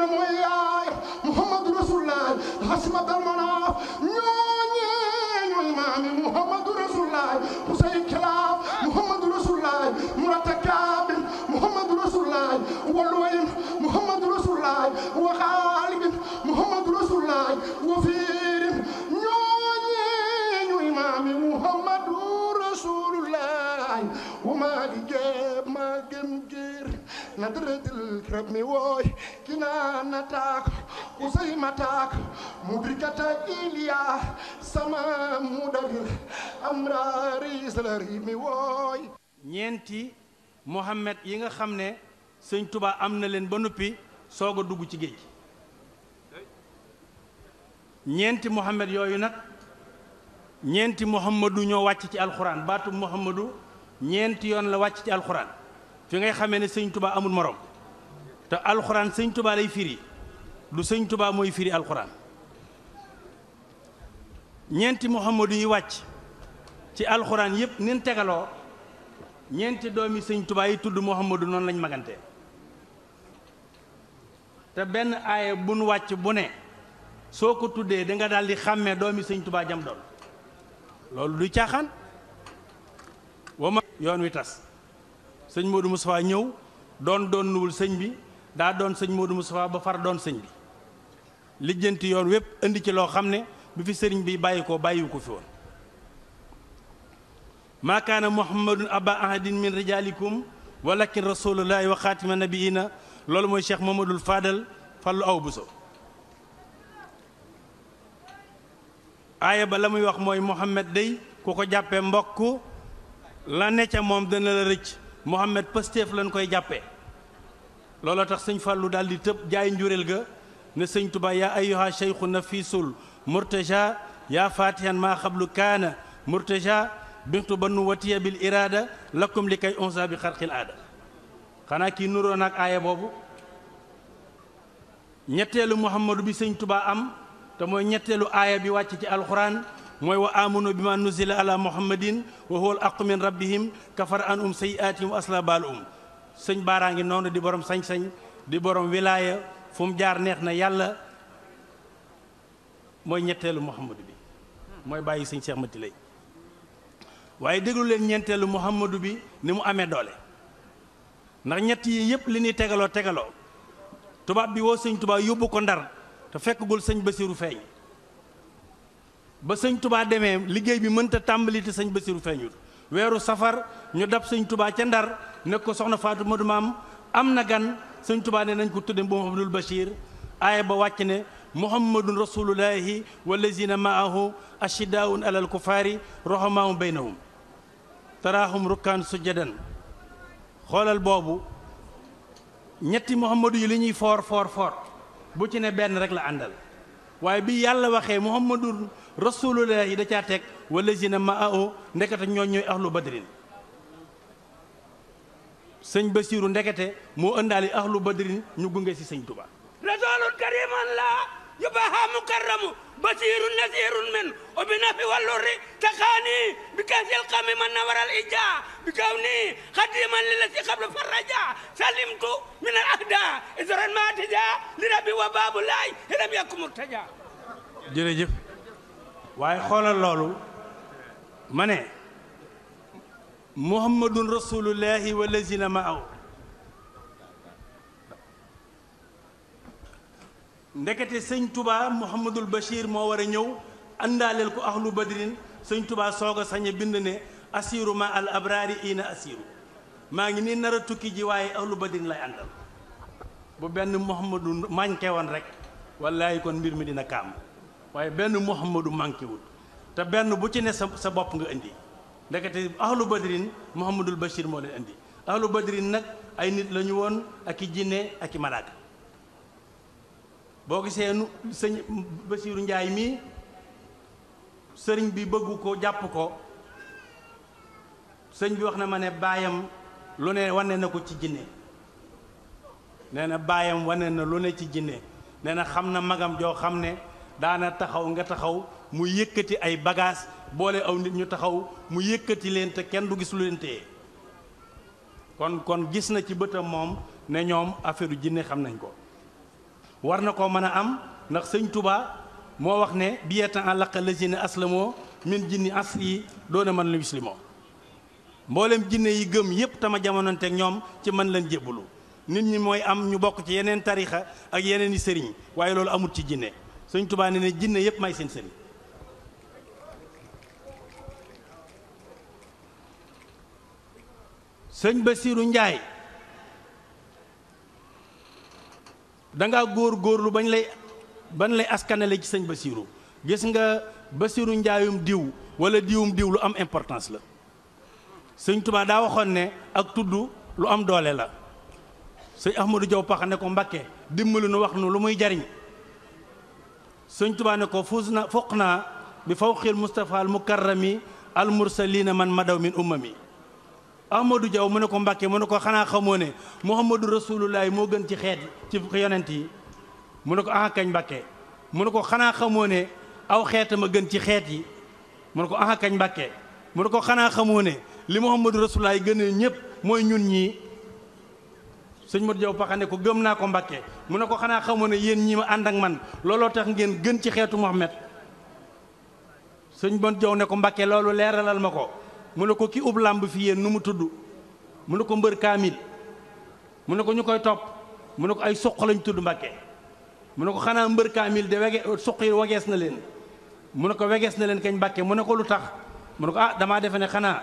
ne mooy yaay Muhammadu Rasulullah xasima dal manaaf ñooñe ñooy maami Muhammadu Rasulullah Husayn Kilaab Muhammadu Rasulullah Murata Kaabin Muhammadu Rasulullah Walwayin Muhammadu Rasulullah wa Xaalibin Muhammadu Rasulullah wa Fiirin ñooñe ñooy maami Muhammadu Rasulullah wa maa di jeeb maa gëm jër na dërëdil rab mi wooy كنانة تاك أسيمة تاك مدركة إليا ñeenti Mohammed yi nga xam ne sëñ tubaa am na leen ba noppi soog a dugg ci géej ñeenti Mohammed yooyu nag ñeenti Muhammadu ñoo wàcc ci alxuraan baatu Muhammadu ñeenti yoon la wàcc ci alxuraan fi ngay xamee ne sëñ tubaa amul morom. te alxuraan sëñ tubaa lay firi lu sëñ tubaa mooy firi alxuraan ñeenti muhammadu yi wàcc ci alxuraan yépp nin tegaloo ñeenti doomi sëñ tubaa yi tudd muhammadu noonu lañ magante te benn aaya buñ wàcc bu ne soo ko tuddee danga nga daal di xàmmee doomi sëñ tubaa jam doon loolu duy caaxaan wama yoon wi tas sëñ Modou Moustapha ñëw doon doon nuwul sëñ bi daa doon sëñ Modou Moustapha ba far doon sëñ bi lijjanti yoon wépp indi ci loo xam ne bi fi sëriñ bi bàyyi ko bàyyiwu ko fi woon maa kaana muhammadun aba ahadin min rijalikum walakin rasulullahi wa xaatima nabiina loolu mooy cheikh mamadul fadal fallu aw buso aaya ba la muy wax mooy muhammad day ku ko jàppee mbokk la ne ca moom dana la rëcc muhammad pëstéef lañ koy jàppee looloo tax sëñ Fallou daal di tëb jaay njureel ga ne sëñ Tuba yaa ayyuha cheikhu nafisul murtaja yaa fatihan maa xablu kaana murtaja bintu bannu watiya bil iraada lakkum li kay onsa bi xarqil aada xanaa kii nuroo naag aaya boobu ñetteelu muhammadu bi sëñ tubaa am te mooy ñetteelu aaya bi wàcc ci alxuraan mooy wa amunu bi ma nuzila ala muhammadin wa huwa al aqu min rabbihim kafar an um wa asla baal um sëñ baaraa ngi noonu di borom sañ-sañ di borom wilaaya fu mu jaar neex na yàlla mooy ñetteelu Muhammadu bi mooy bàyyi sëñ seex Mati lay waaye déglu leen ñeenteelu Muhammadu bi ni mu amee doole ndax ñetti yi yëpp li ñuy tegaloo tegaloo tubaab bi woo sëñ tubaa yóbbu ko ndar te fekkagul sëñ Basiru feeñ ba sëñ tubaa demee liggéey bi mënta tàmbali te sëñ Basiru feeñul weeru safar ñu dab sëñ tubaa ca ndar nekk ko soxna Faatu Madu Maam am na gan sëñ Tuubaa ne nañ ko tudde Muhammadul Bachir aaya ba wàcc ne muhammadun rasulullahi wallazina maahu ashiddaun alal kufaari rohamaahum baynahum taraahum rukkaan sujjadan xoolal boobu ñetti muhammadu yi li ñuy foor foor foor bu ci ne benn rek la àndal waaye bi yàlla waxee muhammadun rasulullahi da caa teg wallazina maahu ndeket ñoo ñooy ahlu badrin sëñ Basiiru ndekete moo ëndaali ahlu badrin ñu gunge si sëñ Tuba rasulun kariman la yubaha mukarramu basirun nasirun men o bina fi wallorri taqaani bi kasil qami man nawaral ija bi kawni khadiman lilasi qabla faraja salimtu min al ahda isran ma tija li rabbi wa babu lay lam yakum murtaja jërëjëf waaye xoolal loolu ma ne muhammadun rasulullahi wallazina aw ndekete sëñ tubaa muhammadul bashir moo war a ñëw àndaaleel ko ahlu badrin sëñ tubaa soog a sañ bind ne asiru ma al abraari ina asiru maa ngi ni nar a tukki ji waaye ahlu badrin lay àndal bu benn muhammadu manqué woon rek wallaay kon mbir mi dina kaam waaye benn muhammadu manqué wul te benn bu ci ne sa sa bopp nga indi ndekete ahlu badrin Mouhamadul Bachir moo leen indi ahlu badrin nag ay nit la ñu woon ak i jinne ak i malaaka boo gisee nu sëñ Bachiru Njaay mii sëriñ bi bëggu ko jàpp ko sëñ bi wax na ma ne baayam lu ne wane na ko ci jinne nee na baayam wane na lu ne ci jinne nee na xam na magam joo xam ne daana taxaw nga taxaw mu yëkkati ay bagages boole aw nit ñu taxaw mu yëkkati leen te kenn du gis lu leen téye kon kon gis na ci bëtam moom ne ñoom affaire jinne xam nañ ko war na koo mën a am ndax sëñ tubaa moo wax ne la àlaqa lazine aslamoo min jinni as yi doona mën la muslimo mboolem jinne yi gëm yépp tama jamononte ak ñoom ci mën leen jébbalu nit ñi mooy am ñu bokk ci yeneen tarixa ak yeneen i sëriñ waaye loolu amut ci jinne sëñ Touba ne ne jinne yépp may seen sëriñ sëñ Basiiru Njaay danga góor góorlu bañ lay bañ lay askanale ci sëñ Basiiru gis nga Basiiru Njaayum diw wala diwum diw lu am importance la sëñ Tuubaa daa waxoon ne ak tudd lu am doole la sëñ Ahmadou Jaw Paxa ne ko Mbakke dimbali nu wax nu lu muy jariñ sëñ Tuubaa ne ko fuus na foq naa bi fawqil Mustafa al mukarrami al mursalina man madaw min ummami Amadou jaw mu ne ko Mbàkke mu a ko xanaa xamoo ne Muhammadu Rasulullahi moo gën ci xeet ci yonent yi mu ne ko ah kañ Mbàkke mu ne ko xanaa xamoo ne aw xeet ma gën ci xeet yi mu ne ko ah kañ Mbàkke mu xanaa xamoo ne li Muhammadu Rasulullahi gën a ñëpp mooy ñun ñii sëñ ma Diaw Pakha ne ko gëm naa ko Mbàkke mu ne ko xanaa xamoo ne yéen ñii ma ànd ak man looloo tax ngeen gën ci xeetu Muhammad sëñ Modou Diaw ne ko Mbàkke loolu leeralal ma ko mu ne ko ki ub làmb fii yéen nu mu tudd mu ne ko mbër kaamil mu ne ko ñu koy topp mu ne ko ay suq lañ tudd mbàkke mu ne xanaa mbër kaamil de wege suq yi wegees na leen mu ko wegees na leen kañ mbàkke mu ne ko lu tax mu ah damaa defe ne xanaa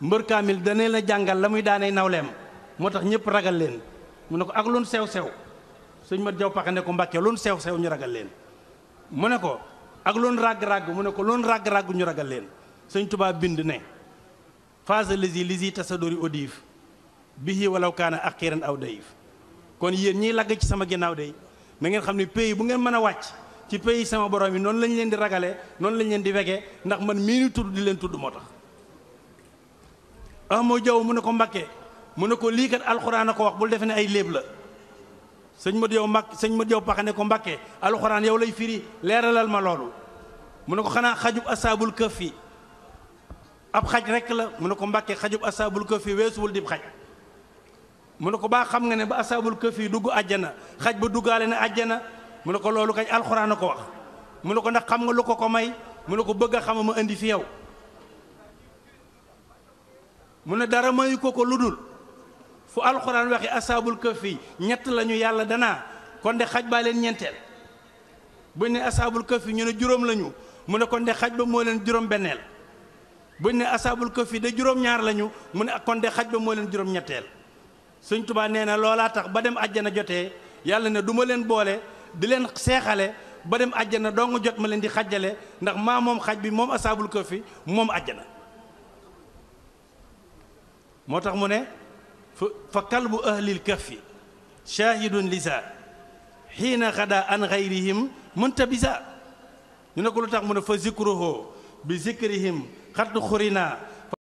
mbër kaamil dana la jàngal la muy daanay nawleem moo tax ñëpp ragal leen mu ne ko ak lun sew-sew suñ ma jaw paxe ko mbàkke lun sew-sew ñu ragal leen mu ne ko ak lun ràgg-ràgg mu ne ko lun ràgg-ràgg ñu ragal leen sëñ Tuubaa bind ne phase lisi lisi tasadori odif bihi walaw kaana aqiran aw daif kon yéen ñiy lagg ci sama ginnaaw day na ngeen xam ne pays bu ngeen mën a wàcc ci pays sama borom yi noonu lañ leen di ragale noonu lañ leen di wegee ndax man mii ni tudd di leen tudd moo tax Ahmadou Diaw mu ne ko Mbakke mu ne ko lii kat alxuraan a ko wax bul defe ne ay léeb la sëñ Modou Diaw Mbak sëñ Modou Diaw Paxa ko Mbakke alxuraan yow lay firi leeralal ma loolu mu ne ko xanaa xajub ab xaj rekk la mu ne ko mbàkke xajub asaabul kahfi weesuwul dib xaj mu ne ko baa xam nga ne ba asaabul kahfi dugg àjjana xaj ba duggaale ne àjjana mu ne ko loolu kañ alxuraan a ko wax mu ne ko ndax xam nga lu ko ko may mu ne ko bëgg a xam ma indi fi yow mu ne dara mayu ko ko lu dul fu alxuraan waxe asaabul fii ñett lañu yàlla danaa kon de xaj baa leen ñeenteel buñ ne asaabul kahfi ñu ne juróom lañu mu ne kon de xaj ba moo leen juróom buñ ne asaabul kahfi de juróom-ñaar lañu mu ne kon de xaj ba moo leen juróom-ñetteel Sëñ Tuubaa nee na loolaa tax ba dem àjjana jotee yàlla ne duma leen boole di leen seexale ba dem àjjana dong jot ma leen di xajjale ndax maa moom xaj bi moom asaabul fi moom àjjana moo tax mu ne fa kalbu ahlil kahfi shahidun lisa xiina xada an xayrihim muntabisa ñu ne ko lu tax mu ne fa zikruhu bi zikrihim xat xuri naa